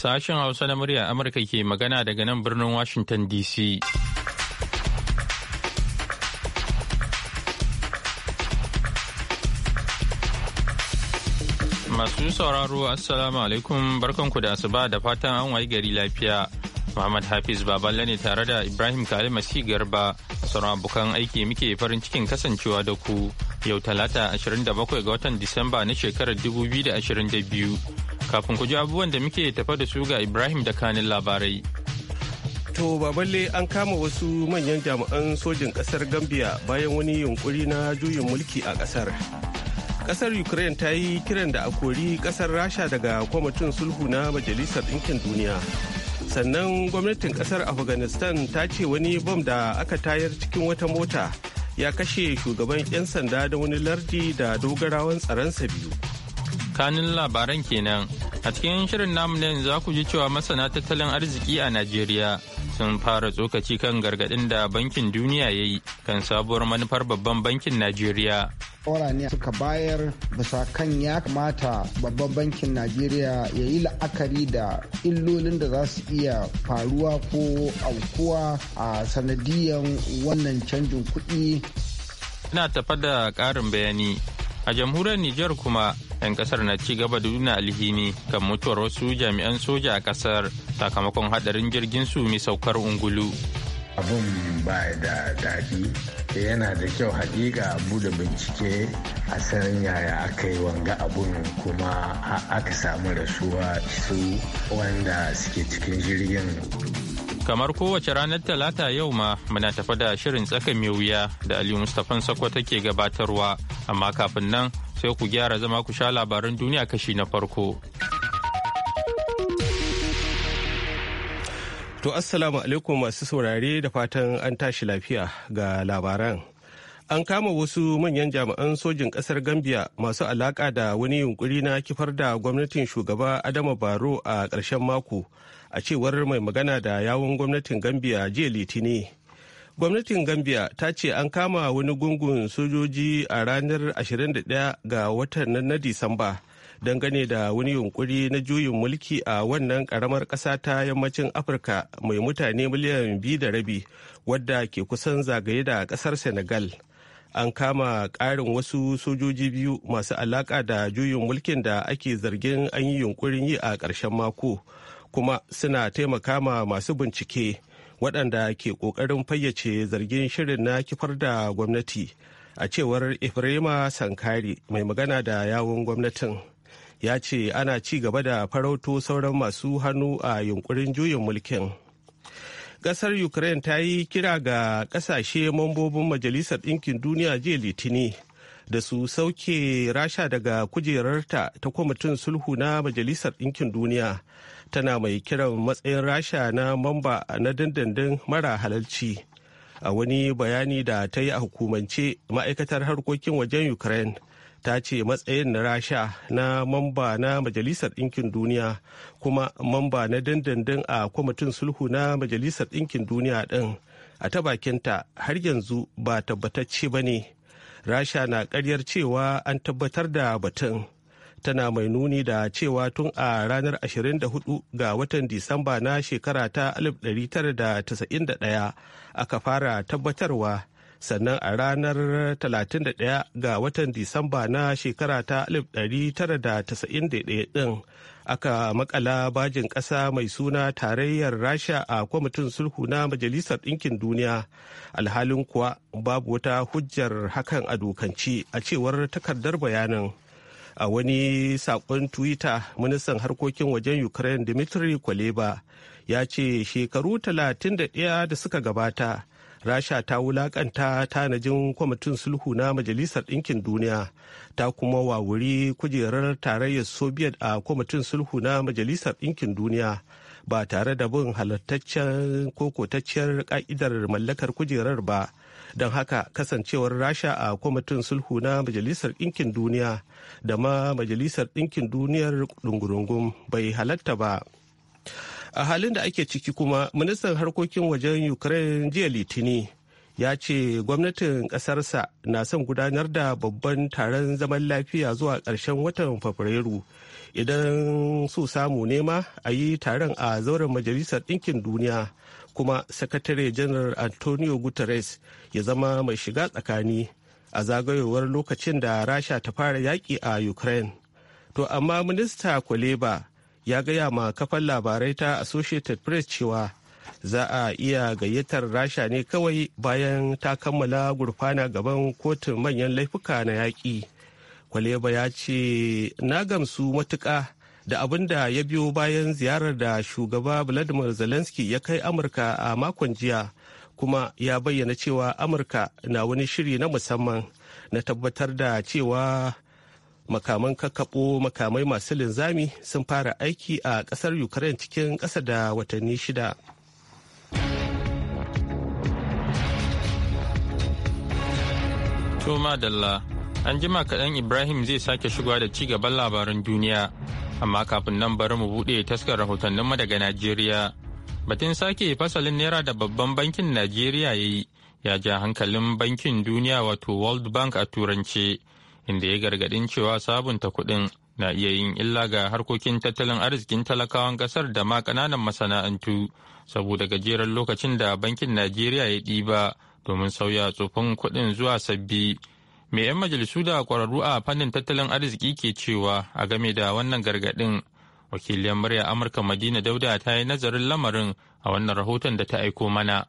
Sashen Hausa na murya Amurka ke magana daga nan birnin Washington DC. Masu sauraro Assalamu alaikum barkanku da asuba da fatan an wayi gari lafiya. Muhammad Hafiz Baballe ne tare da Ibrahim Kalim Masi Garba sauran abokan aiki muke farin cikin kasancewa da ku yau talata 27 ga watan Disamba na shekarar 2022. Kafin ku ji abubuwan da muke tafa da su ga Ibrahim da kanin labarai. To baballe an kama wasu manyan jami'an sojin kasar Gambia bayan wani yunkuri na juyin mulki a ƙasar. Ƙasar Ukraine ta yi kiran da akori kori ƙasar Rasha daga kwamitin sulhu na Majalisar Ɗinkin Duniya. Sannan gwamnatin ƙasar Afghanistan ta ce wani bom da aka tayar cikin wata mota ya kashe shugaban 'yan sanda da wani lardi da dogarawan tsaronsa biyu. tsakanin labaran kenan a cikin shirin namu ne za ku ji cewa masana tattalin arziki a najeriya sun fara tsokaci kan gargadin da bankin duniya ya yi kan sabuwar manufar babban bankin najeriya Ora ne suka bayar bisa kan ya kamata babban bankin najeriya ya yi la'akari da illolin da za su iya faruwa ko aukuwa a sanadiyan wannan canjin kuɗi. ina tafa da ƙarin bayani a jamhuriyar Nijar kuma 'yan kasar na ci gaba da nuna alhini kan mutuwar wasu jami'an soja a kasar sakamakon hadarin jirgin su mai saukar ungulu. abun ba da daɗi eh, yana da kyau hakika abu da bincike a sanin yaya aka yi wanga abun kuma aka samu rasuwa su wanda suke cikin jirgin kamar kowace ranar talata yau ma muna tafa da shirin tsaka mai wuya da ali mustapha sakwa take gabatarwa amma kafin nan sai ku gyara zama ku sha labaran duniya kashi na farko. To assalamu alaikum masu saurare da fatan an tashi lafiya ga labaran. An kama wasu manyan jami'an sojin ƙasar Gambia masu alaƙa da wani yunkuri na kifar da gwamnatin shugaba Adama Baro a ƙarshen mako a cewar mai magana da yawon gwamnatin Gambia jiya Litini. gwamnatin gambia ta ce an kama wani gungun sojoji a ranar 21 ga watan nan na disamba dangane da wani yunkuri na juyin mulki a wannan karamar ƙasa ta yammacin afirka mai mutane miliyan biyu da rabi wadda ke kusan zagaye da ƙasar senegal an kama ƙarin wasu sojoji biyu masu alaƙa da juyin mulkin da ake zargin an yi yunkurin yi a ƙarshen mako kuma suna taimaka ma masu bincike waɗanda ke ƙoƙarin fayyace zargin shirin na kifar da gwamnati a cewar ifrema sankari mai magana da yawun gwamnatin ya ce ana ci gaba da farauto sauran masu hannu a yunkurin juyin mulkin ƙasar ukraine ta yi kira ga ƙasashe mambobin majalisar ɗinkin duniya jiya litini da su sauke rasha daga kujerarta ta kwamitin sulhu na majalisar ɗinkin duniya tana mai kiran matsayin rasha na mamba na dindindin mara halalci a wani bayani da ta yi a hukumance ma'aikatar harkokin wajen ukraine ta ce matsayin na rasha na mamba na majalisar ɗinkin duniya kuma mamba na dindindin a kwamitin sulhu na majalisar ɗinkin duniya ɗin a ta bakinta har yanzu ba tabbatacce ba ne rasha na karyar cewa an tabbatar da batun tana mai nuni da cewa tun a ranar 24 ga watan disamba na shekara ta 1991 aka fara tabbatarwa sannan a ranar 31 ga watan disamba na shekara ta 1991 din aka makala bajin ƙasa mai suna tarayyar rasha a kwamitin sulhu na majalisar ɗinkin duniya alhalin kuwa babu wata hujjar hakan a dokance a cewar takardar bayanin a wani sakon twitter ministan harkokin wajen ukraine dmitry kwaleba ya ce shekaru 31 da suka gabata rasha ta wulakanta tanajin kwamitin sulhu na majalisar ɗinkin duniya ta kuma wawuri kujerar tarayyar soviet a kwamitin sulhu na majalisar ɗinkin duniya ba tare da bin halartaccen kokotacciyar ka'idar mallakar kujerar ba don haka kasancewar rasha a kwamitin sulhu na majalisar ɗinkin duniya da ma majalisar ɗinkin duniyar ɗungurungun bai halatta ba a halin da ake ciki kuma ministan harkokin wajen ukraine jiya litini ya ce gwamnatin ƙasarsa na son gudanar da babban taron zaman lafiya zuwa ƙarshen watan fabrairu idan su samu nema a yi taron a zauren majalisar ɗinkin duniya kuma sakatare janar antonio guterres ya zama mai shiga tsakani a zagayowar lokacin da rasha ta fara yaƙi a ukraine to amma minista kwaleba ya gaya ma kafan labarai ta associated press cewa za a iya gayyatar rasha ne kawai bayan ta kammala gurfana gaban kotun manyan laifuka na yaƙi. Kwaleba ya ce na gamsu matuƙa da abin da ya biyo bayan ziyarar da shugaba Vladimir Zelensky ya kai Amurka a makon jiya kuma ya bayyana cewa Amurka na wani shiri na musamman na tabbatar da cewa makaman kakkaɓo makamai masu linzami sun fara aiki a ƙasar Ukraine cikin ƙasa da watanni shida. Toma Dalla An jima kaɗan Ibrahim zai sake shigowa da ci gaban labaran duniya, amma kafin nan bari mu buɗe taskar rahotanninmu daga Najeriya. Batun sake fasalin Naira da babban bankin Najeriya ya yi, ya ja hankalin bankin duniya wato World Bank a turance, inda ya gargaɗin cewa sabunta kuɗin na iya yin illa ga harkokin tattalin arzikin talakawan ƙasar da ma ƙananan masana'antu, saboda gajeren lokacin da bankin Najeriya ya ɗiba domin sauya tsofin kuɗin zuwa sabbi. Me 'yan majalisu da kwararru a fannin tattalin arziki ke cewa a game da wannan gargaɗin wakiliyar murya Amurka Madina Dauda ta yi nazarin lamarin a wannan rahoton da ta aiko mana.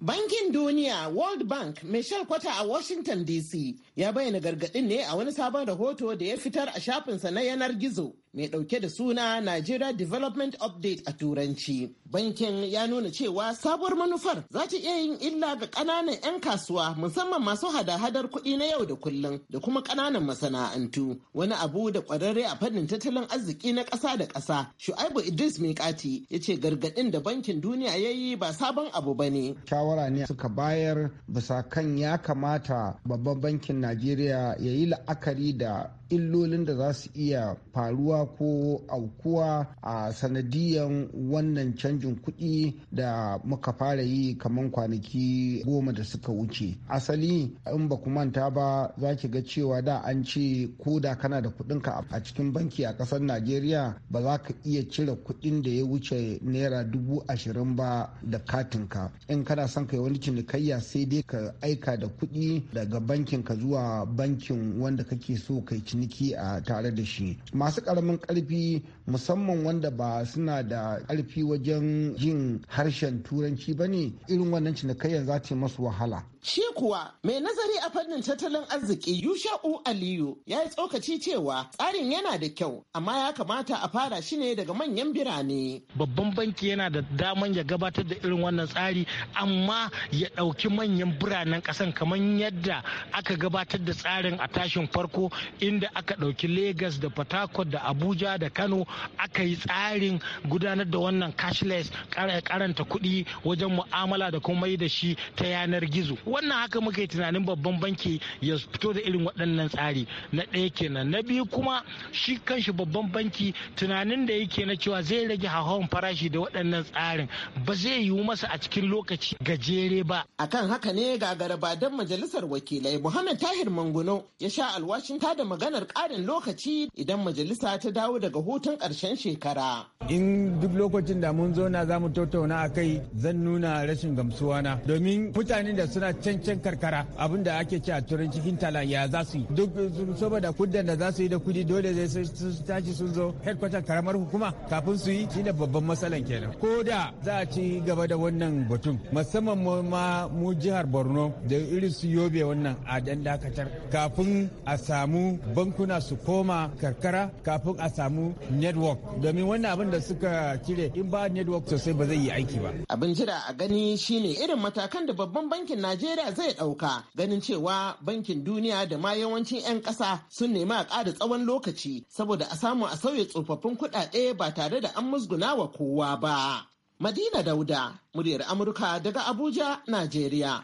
Bankin Duniya World Bank mai kwata a Washington DC ya bayyana gargaɗin ne a wani sabon rahoto da ya fitar a shafinsa na yanar gizo. mai dauke da suna Nigeria Development Update a Turanci. Bankin ya nuna cewa sabuwar manufar za ta iya yin illa ga ƙananan 'yan kasuwa musamman masu hada-hadar kuɗi na yau da kullum da kuma ƙananan masana'antu. Wani abu da ƙwararre a fannin tattalin arziki na ƙasa da ƙasa, Shu'aibu Idris Mikati ya ce gargaɗin da Bankin Duniya ya yi ba sabon abu ba ne. Shawara ne suka bayar bisa kan ya kamata babban bankin Najeriya ya yi la'akari da illolin da za su iya faruwa ko aukuwa a sanadiyan wannan canjin kuɗi da muka fara yi kamar kwanaki goma da suka wuce asali in ba ku manta ba za ki ga cewa da an ce ko da kana da kuɗinka a cikin banki a ƙasar najeriya ba za ka iya cire kuɗin da ya wuce naira dubu ashirin ba da katinka in kana son kai wani cinikayya sai dai ka aika da kuɗi daga bankin ka zuwa bankin wanda kake so kai ciniki ciniki a tare da shi masu karamin karfi musamman wanda ba suna da karfi wajen jin harshen turanci ba ne irin wannan cinikayyar za ta yi masu wahala Shi kuwa mai nazari a fannin tattalin arziki Yusha'u Aliyu ya yi tsokaci cewa tsarin yana da kyau amma ya kamata a fara shi ne daga manyan birane. Babban banki yana da daman ya gabatar da irin wannan tsari amma ya ɗauki manyan biranen ƙasan kamar yadda aka gabatar da tsarin a tashin farko inda aka ɗauki Legas da Port da Abuja da Kano aka yi tsarin gudanar da wannan cashless karanta kuɗi wajen mu'amala da kuma yi da shi ta yanar gizo. wannan haka muke tunanin babban banki ya fito da irin waɗannan tsari na ɗaya kenan na biyu kuma shi kanshi babban banki tunanin da yake na cewa zai rage hauhawan farashi da waɗannan tsarin ba zai yiwu masa a cikin lokaci gajere ba akan haka ne ga garabadan majalisar wakilai muhammad tahir manguno ya sha alwashin ta da maganar ƙarin lokaci idan majalisa ta dawo daga hutun ƙarshen shekara in duk lokacin da mun zo na za tattauna a kai zan nuna rashin gamsuwa na domin mutanen da suna can karkara abin da ake ci a turanci hinterland ya za su yi duk saboda kudin da za su yi da kudi dole zai su tashi sun zo headquarter karamar hukuma kafin su yi shine babban matsalan kenan ko da za a ci gaba da wannan batun musamman ma mu jihar borno da irin su yobe wannan a dan dakatar kafin a samu bankuna su koma karkara kafin a samu network domin wannan abin da suka cire in ba network sosai ba zai yi aiki ba abin jira a gani shine irin matakan da babban bankin najeriya najeriya zai ɗauka ganin cewa bankin duniya da ma yawancin 'yan ƙasa sun nemi a ƙara tsawon lokaci saboda a samu a sauya tsofaffin kuɗaɗe ba tare da an musguna wa kowa ba madina dauda muryar amurka daga abuja najeriya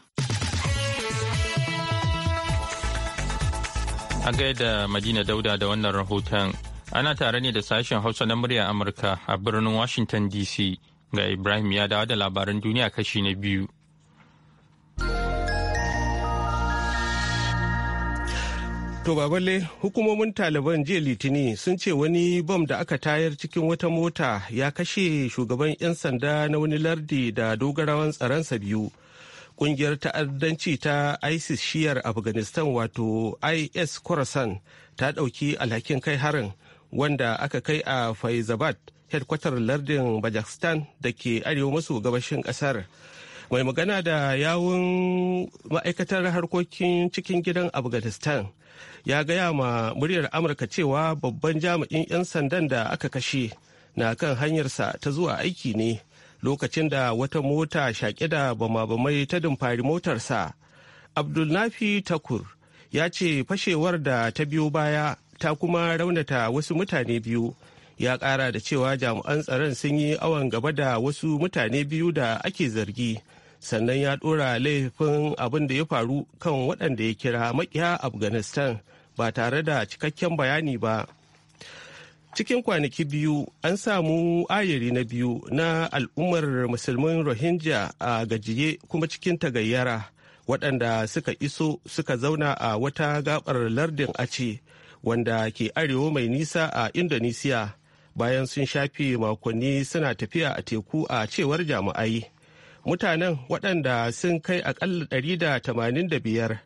a gaida madina dauda da wannan rahoton ana tare ne da sashen hausa na muryar amurka a birnin washington dc ga ibrahim ya dawo da labaran duniya kashi na biyu To baballe hukumomin Taliban jiya litini sun ce wani bom da aka tayar cikin wata mota ya kashe shugaban 'yan sanda na wani lardi da dogarawan tsaronsa biyu. Kungiyar ta'addanci ta ISIS shiyar Afghanistan wato IS Khorasan ta ɗauki alhakin kai harin wanda aka kai a Faizabad, hedkwatar lardin Bajakistan da ke arewa maso gabashin ƙasar. Mai magana da yawun ma'aikatar harkokin cikin gidan Afghanistan. ya gaya ma muryar amurka cewa babban jami'in 'yan sandan da aka kashe na kan hanyarsa ta zuwa aiki ne lokacin da wata mota shaƙe da bama-bamai ta dumfari motarsa abdulnafi takur ya ce fashewar da ta biyo baya ta kuma raunata wasu mutane biyu ya ƙara da cewa jami'an tsaron sun yi awon gaba da wasu mutane biyu da ake zargi. sannan ya ɗora laifin abin da ya faru kan waɗanda ya kira makiya afghanistan ba tare da cikakken bayani ba cikin kwanaki biyu an samu ayari na biyu na al'ummar musulmin rohingya a gajiye kuma cikin tagayyara waɗanda suka iso suka zauna a wata gabar lardin ace wanda ke arewa mai nisa a indonesia bayan sun shafi makonni suna tafiya a teku a cewar jami'ai mutanen waɗanda sun kai aƙalla ɗari da tamanin da da biyar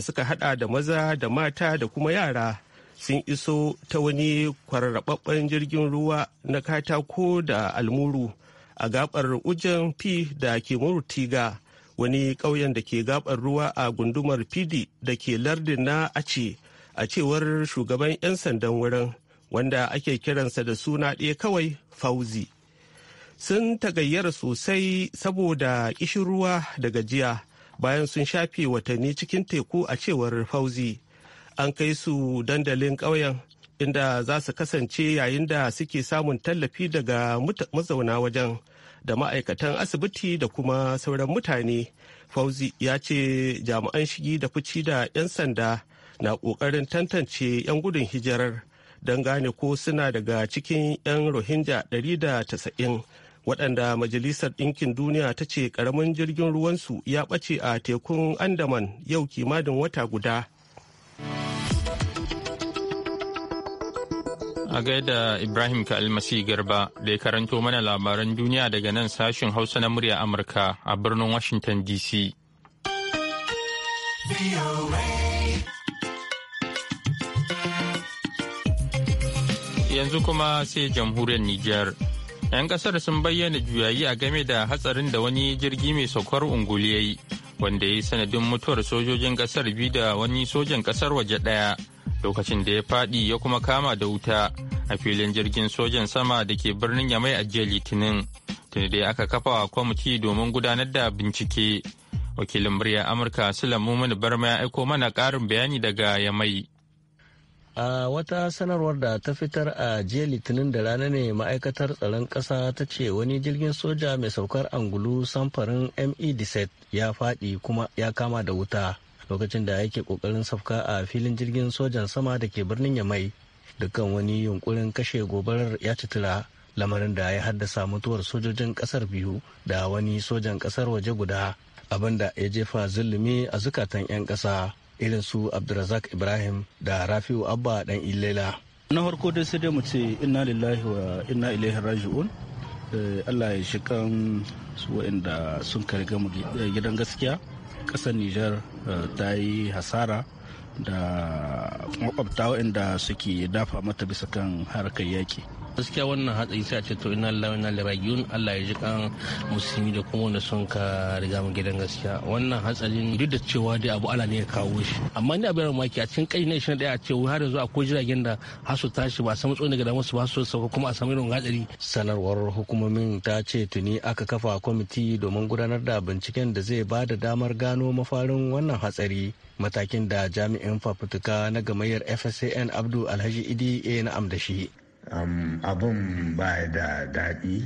suka hada da maza da mata da kuma yara sun iso ta wani kwararrababben jirgin ruwa na katako da almuru a gabar ujan p da ke murtiga wani ƙauyen da ke gabar ruwa a gundumar pidi da ke lardin na ace a cewar shugaban 'yan sandan wurin wanda ake kiransa da suna ɗaya kawai fauzi sun tagayyara sosai saboda ƙishirwa da gajiya bayan sun shafe watanni cikin teku a cewar fauzi an kai su dandalin ƙauyen inda za su kasance yayin da suke samun tallafi daga mazauna wajen da ma'aikatan asibiti da kuma sauran mutane fauzi ya ce jami'an shigi da fici da 'yan sanda na ƙoƙarin tantance 'yan gudun hijirar don gane ko suna daga cikin 'yan rohingya 190 waɗanda majalisar ɗinkin duniya ta ce ƙaramin jirgin ruwansu ya ɓace a tekun andaman yau kimanin wata guda a gaida ibrahim ka'almasi garba da ya karanto mana labaran duniya daga nan sashen hausa na murya amurka a birnin washington dc yanzu kuma sai jamhuriyar nijar. 'yan kasar sun bayyana juyayi a game da hatsarin da wani jirgi mai saukar unguli ya yi wanda ya yi sanadin mutuwar sojojin kasar biyu da wani sojan kasar waje ɗaya lokacin da ya faɗi ya kuma kama da wuta a filin jirgin sojan sama da ke birnin yamai a jiya litinin tuni dai aka kafa wa kwamiti domin gudanar da bincike wakilin murya amurka sulamu mumin barma ya aiko mana ƙarin bayani daga yamai a wata sanarwar da ta fitar a jiya litinin da rana ne ma'aikatar tsaron ƙasa ta ce wani jirgin soja mai saukar angulu samfarin me ya faɗi kuma ya kama da wuta lokacin da yake ƙoƙarin safka a filin jirgin sojan sama da ke birnin yamai dukkan wani yunkurin kashe gobarar ya citila lamarin da ya haddasa mutuwar sojojin ƙasar biyu da wani sojan ƙasar waje guda abinda ya jefa zulumi a zukatan 'yan ƙasa. irin su abdulrazak ibrahim da rafi'u abba dan ilela na harko dai sai dai mu ce inna lillahi wa inna ilaihi raji'un eh, allah ya shi kan su waɗanda sun karga mu gidan gaskiya ƙasar nijar eh, ta yi hasara da makwabta waɗanda suke dafa mata bisa kan harkar yaƙi gaskiya wannan hatsari sai a ce to ina lillahi ina yun Allah ya ji kan musulmi da kuma wanda sun ka riga mu gidan gaskiya wannan hatsarin duk da cewa dai abu ala ne ya kawo shi amma ni abin mamaki a cikin kai ne shi daya a ce har yanzu akwai jiragen da har su tashi ba a samu tsoron daga damar su ba su sauka kuma a samu irin hatsari sanarwar hukumomin ta ce tuni aka kafa kwamiti domin gudanar da binciken da zai ba da damar gano mafarin wannan hatsari matakin da jami'in fafutuka na gamayyar fsan abdu alhaji idi ya na'am da shi abin ba da daɗi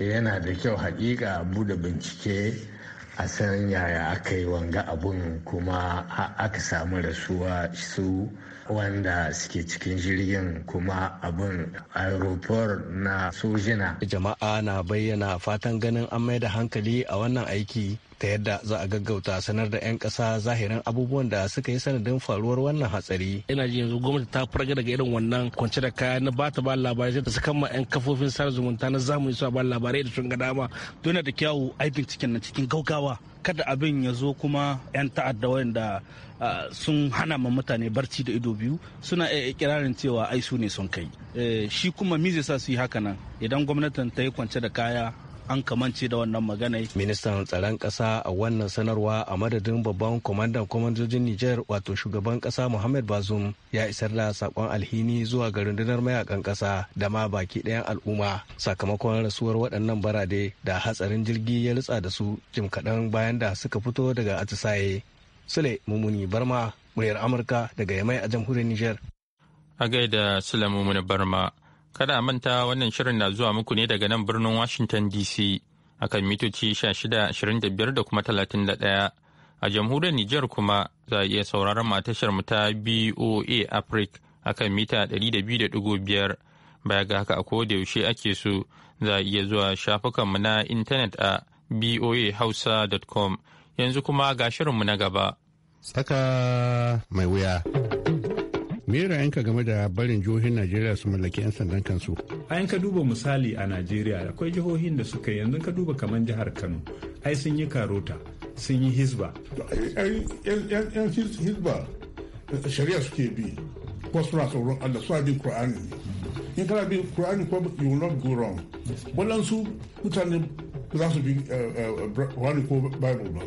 yana da kyau hakika bude bincike a san yaya aka yi wanga abun kuma aka samu rasuwa su wanda suke cikin jirgin kuma abun aeroport na sojina jama'a na bayyana fatan ganin an mai da hankali a wannan aiki ta yadda za a gaggauta sanar da 'yan ƙasa zahirin abubuwan da suka yi sanadin faruwar wannan hatsari. Ina ji yanzu gwamnati ta farga daga irin wannan kwance da kaya na bata ba labarai da ta saka ma 'yan kafofin sada zumunta na zamani su ba labarai da sun ga dama. Dole da kyawu aikin cikin na cikin gaugawa. Kada abin ya zo kuma 'yan ta'adda wanda sun hana ma mutane barci da ido biyu suna iya ikirarin cewa ai su ne sun kai. Eh, shi kuma mi sa su yi haka nan idan gwamnatin ta yi kwance da kaya an kamance da wannan magana ministan tsaron kasa a wannan sanarwa a madadin babban kwamandan kwamandojin niger wato shugaban kasa muhammad bazum ya isar da sakon alhini zuwa ga rundunar mayakan kasa da ma baki ɗayan al'umma sakamakon rasuwar waɗannan barade da hatsarin jirgi ya rutsa da su jim kaɗan bayan da suka fito daga atisaye sule mumuni barma muryar amurka daga yamai a jamhuriyar niger a gaida sule mumuni barma Kada manta wannan shirin na zuwa muku ne daga nan birnin Washington DC akan mitoci 1625 da kuma 31. A jamhuriyar Nijar kuma za a iya sauraron matashar mu ta BOA Africa akan mita 200.5 baya ga haka a yaushe ake so za a iya zuwa shafukanmu na intanet a boahausa.com yanzu kuma ga shirinmu na gaba. saka mai wuya. me ra'ayinka game da barin jihohin najeriya su mallaki 'yan sandan kansu ayan ka duba misali a najeriya akwai jihohin da suka yanzu ka duba kamar jihar kano ai sun yi karota sun yi hizba yan hizba shari'a suke bi ko suna tsoron allah suna bin kur'ani in kana bin kur'ani ko you will not go wrong su mutane za su bi eh, eh, kur'ani ko bible ba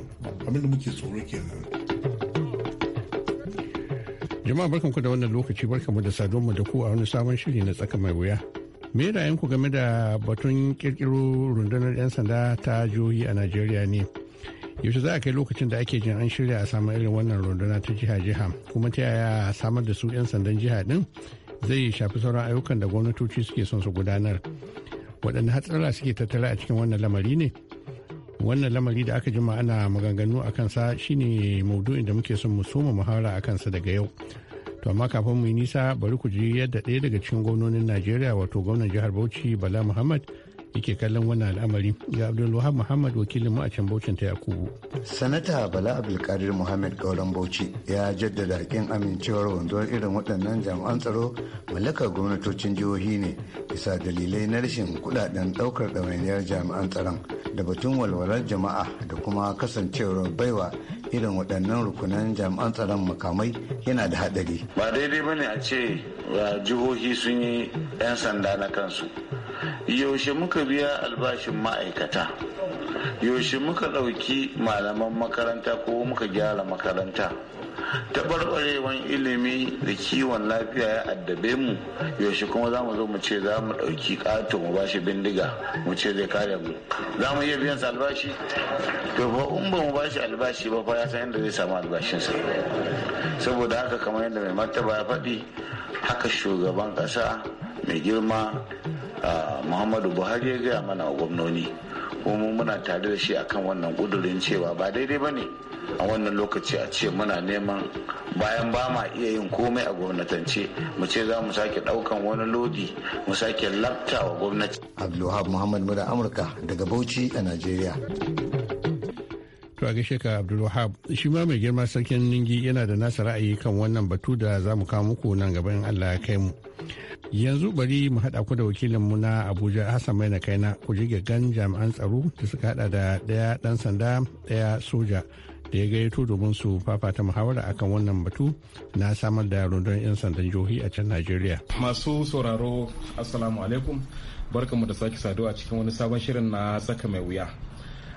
abinda muke tsoro kenan Jama'a barkanku da wannan lokaci barkanmu da saduwa da ku a wani sabon shiri na tsaka mai wuya. Me ku game da batun kirkiro rundunar 'yan sanda ta jihohi a Najeriya ne? Yaushe za a kai lokacin da ake jin an shirya a samun irin wannan runduna ta jiha-jiha kuma ta yaya samar da su 'yan sandan jiha din zai shafi sauran ayyukan da gwamnatoci suke son su gudanar. Waɗanne hatsara suke tattara a cikin wannan lamari ne? wannan lamari da aka jima ana maganganu a kansa shine maudu'in da muke son mu soma muhara a kansa daga yau to amma kafin mu yi nisa bari ku ji yadda ɗaya daga cikin gwamnonin najeriya wato gwamnan jihar bauchi bala muhammad yake kallon wannan al'amari ga abdulwahab muhammad wakilin mu a can bauchin ta yakubu sanata bala abdulkadir muhammad gauran bauchi ya jaddada kin amincewar wanzuwar irin waɗannan jami'an tsaro mallakar gwamnatocin jihohi ne bisa dalilai na rashin kuɗaɗen ɗaukar ɗawainiyar jami'an tsaron da batun walwalar jama'a da kuma kasancewar baiwa irin waɗannan rukunan jami'an tsaron makamai yana da haɗari. ba daidai bane a ce uh, jihohi sun yi 'yan sanda na kansu yaushe muka biya albashin ma'aikata yaushe muka ɗauki malaman makaranta ko muka gyara makaranta tabarbarewan ilimi da kiwon lafiya ya addabe mu yaushe kuma za mu zo mu ce za mu ɗauki ƙato mu ba shi bindiga mu ce zai kare mu za mu iya biyan sa albashi to fa in ba mu ba shi albashi ba fa ya san yadda zai samu albashinsa saboda haka kamar yadda mai martaba ya faɗi haka shugaban ƙasa mai girma ah, muhammadu buhari ya gaya mana gwamnoni kuma muna tare da shi a kan wannan kudurin cewa ba daidai ba ne a wannan lokaci a ce muna neman bayan ba ma iya yin komai a gwamnatance mu ce za mu sake daukan wani lodi mu sake lafta wa gwamnati abdulwahab muhammad muda amurka daga bauchi a nigeria to a gaishe ka abdulwahab shi ma mai girma sarkin ningi yana da nasa ra'ayi kan wannan batu da za mu kawo muku nan gaba in allah ya kai mu yanzu bari mu haɗa ku da mu na abuja hassan mai na kaina ku ji gaggan jami'an tsaro da suka haɗa da ɗaya ɗan sanda ɗaya soja da ya gayyato domin su fafata muhawara akan wannan batu na samar da rundun 'yan sandan jihohi a can najeriya masu sauraro assalamu alaikum barkanmu da sake saduwa cikin wani sabon shirin na saka mai wuya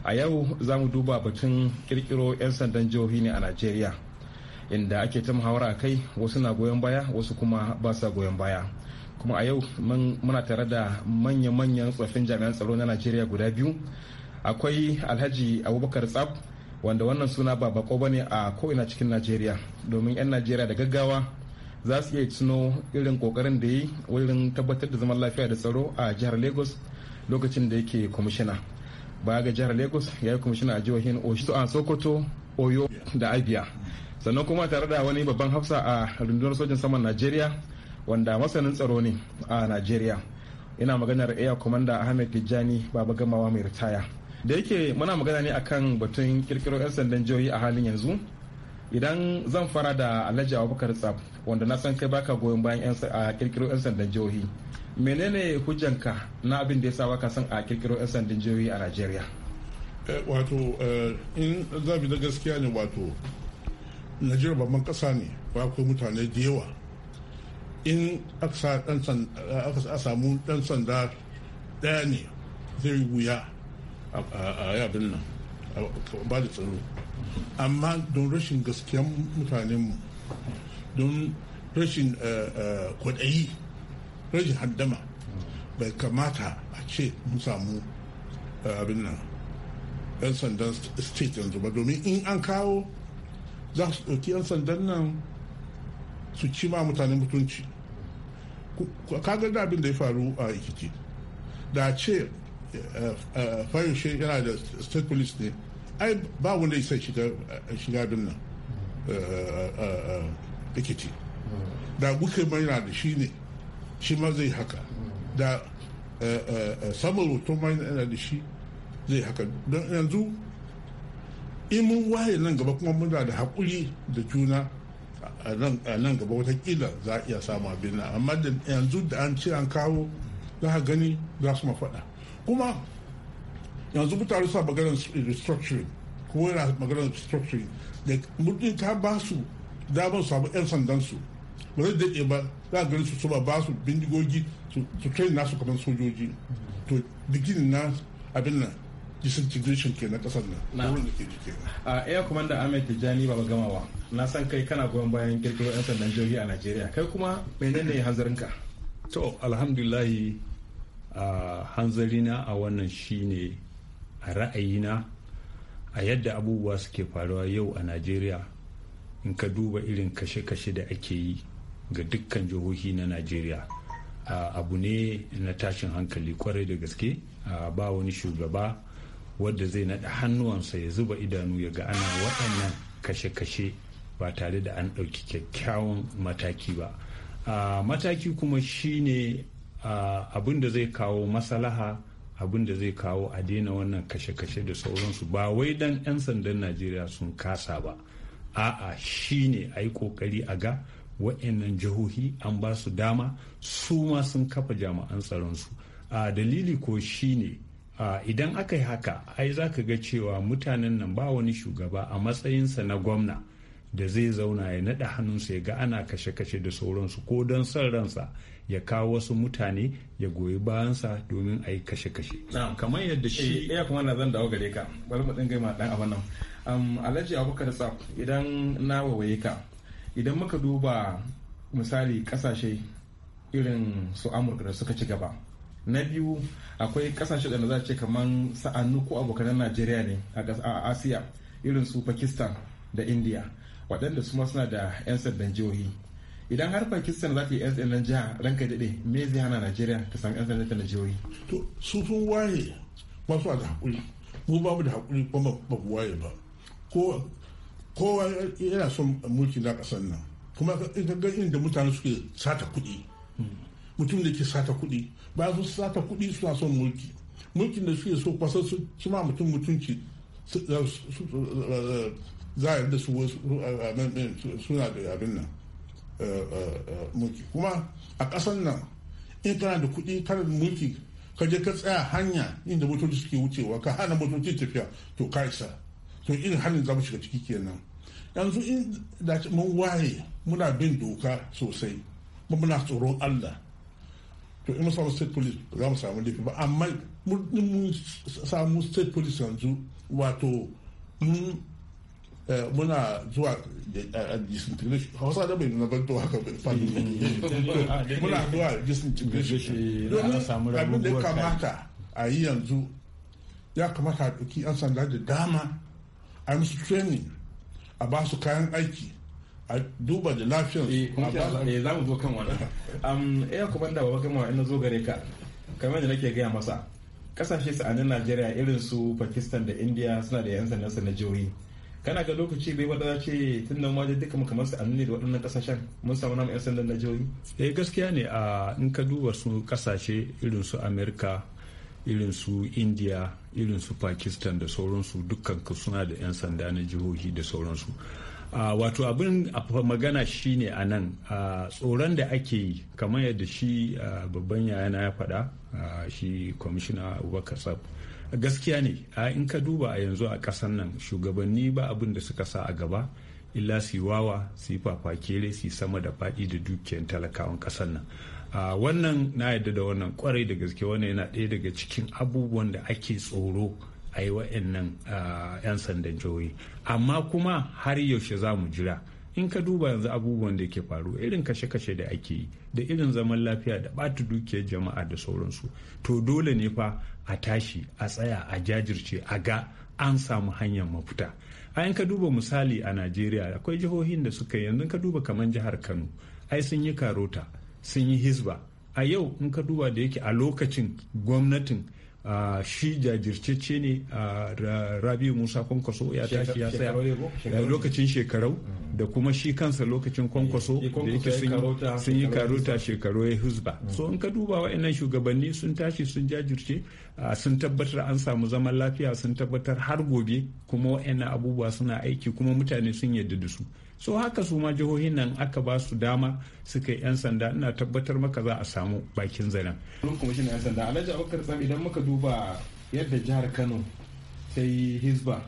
a yau za mu duba batun kirkiro 'yan sandan jihohi ne a najeriya inda ake ta muhawara kai wasu na goyon baya wasu kuma ba sa goyon baya kuma a yau muna tare da manya-manyan tsoffin jami'an tsaro na najeriya guda biyu akwai alhaji abubakar tsab wanda wannan suna ba bako ba ne a ko'ina cikin najeriya domin 'yan najeriya da gaggawa za su iya tuno irin kokarin da yi wurin tabbatar da zaman lafiya da tsaro a jihar lagos lokacin da yake kwamishina baya ga jihar lagos ya yi kwamishina a jihohin oshiso a sokoto oyo da abia sannan kuma tare da wani babban hafsa a rundunar sojin saman najeriya wanda masanin tsaro ne a najeriya ina maganar air commander ahmed tijjani baba gamawa mai ritaya da yake muna magana ne akan batun kirkiro 'yan sandan jihohi a halin yanzu idan zan fara da alhaji abubakar tsab wanda na san kai baka goyon bayan a kirkiro 'yan sandan jihohi menene hujjanka na abin da ya sa waka san a kirkiro 'yan sandan jihohi a najeriya eh, wato eh, in zabi na gaskiya ne wato najeriya babban kasa ne ba kai mutane da yawa in aka samu dan sanda daya ne zai wuya a yabin nan ba da tsaro amma don rashin gaskiyan mutanenmu don rashin eh, eh, kwaɗayi rashin haddama bai kamata a ce mun samu eh, abin nan yan sandan state yanzu ba domin in an kawo za su ɗauki yan sandan nan su ci ma mutane mutunci kaga da abin da ya faru a ikiti da ce eh, eh, fayoshe yana da state police ne ai ba wanda isa eh, shiga abin nan ikiti da guke mai na da shi ne shi ma zai haka da samun hoton mai na da shi zai haka don yanzu in mun waye nan gaba kuma muna da haƙuri da juna a nan gaba watakila za a iya samu abin nan amma da yanzu da an ce an kawo za a gani za su mafaɗa kuma yanzu mutane suna maganar restructuring ko yana maganar restructuring da mutum ta ba su damar samu 'yan sandansu ba zai daɗe ba za a gani su su ba su bindigogi su train nasu kamar sojoji to digini na abin nan disintegration ke na kasar nan wurin da ke jike a air commander ahmed tijjani baba gamawa na san kai kana goyon bayan kirkiro yan sandan jirgi a nigeria kai kuma menene hanzarinka to alhamdulillahi a hanzarina a wannan shine a ra'ayina a yadda abubuwa suke faruwa yau a najeriya in ka duba irin kashe-kashe da ake yi ga dukkan jihohi na najeriya abu ne na tashin hankali kwarai da gaske ba wani shugaba wadda zai naɗa hannuwansa ya zuba idanu ya ga ana waɗannan kashe-kashe ba tare da an ɗauki kyakkyawan mataki ba uh, mataki kuma shine uh, abin da zai kawo masalaha abin da zai kawo a daina wannan kashe-kashe da sauransu ba wai dan 'yan sandan najeriya sun kasa ba a'a shine a yi kokari a ga waɗannan jihohi an ba su dama su ma sun kafa jami'an tsaronsu a dalili ko shine idan aka yi haka ai za ka ga cewa mutanen nan ba wani shugaba a matsayinsa na gwamna da zai zauna ya naɗa hannunsa ya ga ana kashe-kashe da sauransu ko don son ransa ya kawo wasu mutane ya goyi bayansa domin a yi kashe-kashe. kamar yadda shi eh, ya kuma na zan dawo gare ka bari mu dinga dan abin nan alhaji abubakar tsaf idan na wawaye ka idan muka duba misali kasashe irin su amurka da suka ci gaba na biyu akwai kasashe da za a ce kamar sa'annu ko na najeriya ne a asiya irin su pakistan da india waɗanda su suna da 'yan sandan jihohi idan har pakistan za ta yi 'yan sandan jiha ranka daɗe me zai hana najeriya ta samu 'yan sandan jihohi to su sun waye ba su da haƙuri mu babu da haƙuri kuma ba mu waye ba kowa yana son mulki na ƙasar nan kuma ga inda mutane suke sata kuɗi mutum da ke sata kuɗi ba su sata kuɗi suna son mulki mulkin da suke so kwasa su ma mutum mutunci za a da su suna da abin nan mulki kuma a ƙasan nan in kana da kuɗi kana da mulki ka je ka tsaya hanya inda motoci suke wucewa ka hana motoci tafiya to ka isa to irin hannun za shiga ciki kenan yanzu in da mun waye muna bin doka sosai ba muna tsoron Allah to in samu state police za mu samu laifi ba amma mun samu state police yanzu wato mun eh, muna zuwa a eh, disintegration hausa da bai nuna banto haka muna zuwa disintegration domin abin da ya kamata a yi yanzu ya kamata a ɗauki 'yan sanda da dama a yi musu training a ba su kayan aiki a duba da lafiyan eh, eh za mu zo kan wannan am eh, ya kuma da baba kan na zo gare ka kamar da nake gaya masa kasashe sa'anin Najeriya irin su Pakistan da India suna da yan sanda na jihohi kana ga lokaci bai wadda ce tun da ma duka kamar su ne da waɗannan kasashen mun samu namu yan sandan na jihohi eh gaskiya ne a in ka duba su kasashe irin su America irin su India irin su Pakistan da sauransu dukkan suna da yan sanda na jihohi da sauransu Ah, wato abin magana shine a nan ah, tsoron da ake yi kamar yadda shi ah, babban yayana ya faɗa shi kwamishina abubakar sab gaskiya ne in ka duba a yanzu a ƙasar nan shugabanni ba abin da suka sa a gaba illa su wawa su fafakere su sama da faɗi da dukiyar talakawan ƙasar nan wannan na yadda da wannan kwarai da gaske wannan yana ɗaya daga cikin abubuwan da ake tsoro a yi wa'annan 'yan sandan jihohi amma kuma har yaushe za mu jira in ka duba yanzu abubuwan da ke faru irin kashe-kashe da ake yi da irin zaman lafiya da ɓata dukiyar jama'a da sauransu to dole ne fa a tashi a tsaya a jajirce a ga an samu hanyar mafita a in ka duba misali a najeriya akwai jihohin da suka yi yanzu ka duba kamar jihar kano ai sun yi karota sun yi hisba a yau in ka duba da yake a lokacin gwamnatin A shi jajirce ne a Rabi musa kwankwaso ya tashi ya tsaya eh, lokacin shekarau mm. da kuma shi kansa lokacin kwankwaso da yake sun yi karota shekaru ya huzba so in ka duba wa'annan shugabanni sun tashi sun jajirce sun tabbatar an samu zaman lafiya sun tabbatar har gobe kuma wa'annan abubuwa suna aiki kuma mutane sun yarda da su so haka su ma jihohin nan aka ba su dama suka yi 'yan sanda ina tabbatar maka za a samu bakin zaren. idan muka duba duba yadda jihar kano ta yi hisba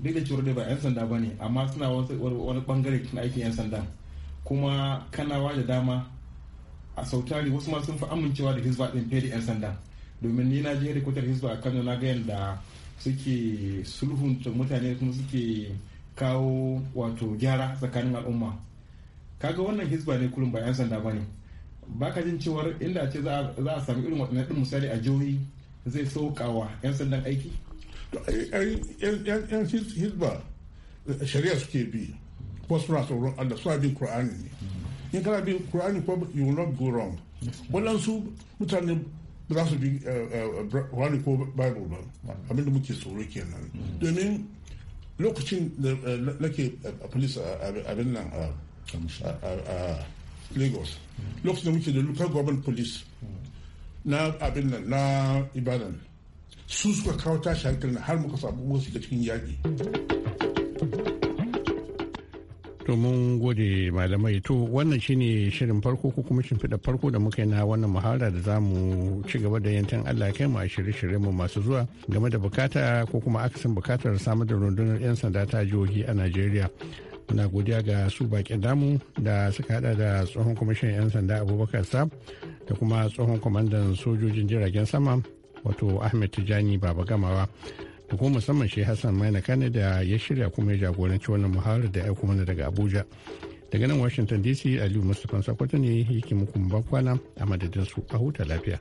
duk da cewar ba 'yan sanda ba ne amma suna wani bangare na aikin 'yan sanda kuma kanawa da dama a sautari wasu ma sun fi amincewa da hisba din fiye da 'yan sanda domin ni na je rikotar hisba a kano na ga yadda suke sulhunta mutane kuma suke kawo wato gyara tsakanin al'umma kaga wannan hisba ne kullum ba 'yan sanda ba ne baka jin cewar inda ce za a sami irin waɗannan ɗin misali a jihohi zai saukawa 'yan sandan aiki? yan hizba eh, shari'a suke bi ko suna tsoron allah suna bin kur'ani ne in kana bin kur'ani ko you will not go wrong waɗansu mutane ba za su bi kur'ani eh, eh, ko bible ba abinda muke tsoro kenan mm. domin lokacin da nake a police abin nan a lagos mm. lokacin da muke da local government police mm. na abin nan na ibadan su suka kawo tashi na har muka samu wasu da cikin yaƙi. To gode malamai to wannan shine shirin farko ko kuma shimfiɗa farko da muka yi na wannan muhara da za mu ci gaba da yantan Allah kai mu a shirye-shirye mu masu zuwa game da bukata ko kuma akasin bukatar samar da rundunar 'yan sanda ta jihohi a Najeriya. muna godiya ga su bakin damu da suka hada da tsohon kwamishin 'yan sanda abubakar sa da kuma tsohon kwamandan sojojin jiragen sama wato ahmed tijani baba gamawa da kuma musamman shi hassan maina kane da ya shirya kuma ya jagoranci wannan muhawarar da ya kuma daga abuja daga nan washington dc aliyu mustapha sakwato ne yake muku bakwana a madadin su a huta lafiya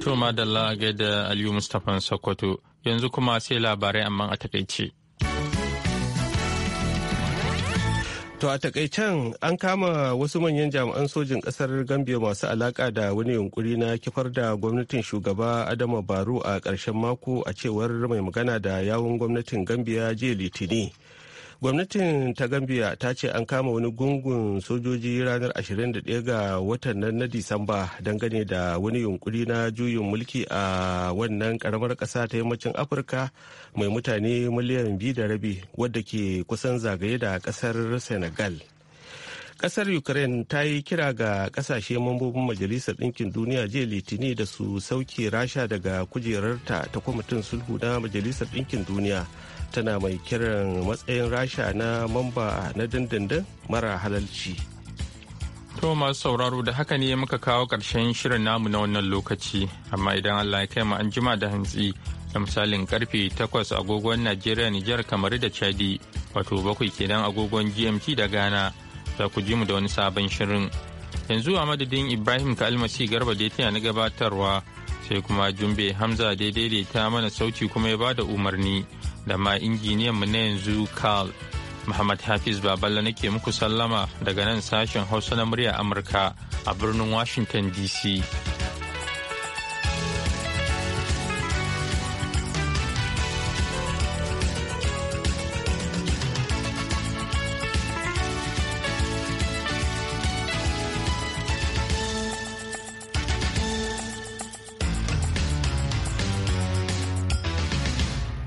to madalla gaida aliyu mustapha sakwato yanzu kuma sai labarai amma a takaice To a takaicen an kama wasu manyan jami'an sojin kasar Gambia masu alaka da wani yunkuri na kifar da gwamnatin shugaba Adama Baru a ƙarshen mako a cewar mai magana da yawun gwamnatin Gambia jiya Litini. gwamnatin ta gambia ta ce an kama wani gungun sojoji ranar 21 ga watan nan na disamba dangane da wani yunkuri na juyin mulki a wannan karamar ƙasa ta yammacin afirka mai mutane miliyan biyu da rabi wadda ke kusan zagaye da kasar senegal kasar ukraine ta yi kira ga kasashe mambobin majalisar ɗinkin duniya jiya litini da su sauke rasha daga kujerarta ta kwamitin sulhu na majalisar ɗinkin duniya tana mai kiran matsayin rasha na mamba na dindindin mara halalci to masu sauraro da haka ne muka kawo ƙarshen shirin namu na wannan lokaci amma idan allah ya kai mu an jima da hantsi da misalin karfe 8 agogon najeriya nijar kamar da chadi wato bakwai kenan agogon gmt da ghana za ku ji mu da wani sabon shirin yanzu a madadin ibrahim almasi garba da ya na gabatarwa sai kuma jumbe hamza daidai da ta mana sauti kuma ya bada umarni da ma injiniyan mu na yanzu Carl. Muhammad Hafiz Baballa nake muku sallama daga nan sashen Hausa na murya Amurka a birnin Washington DC.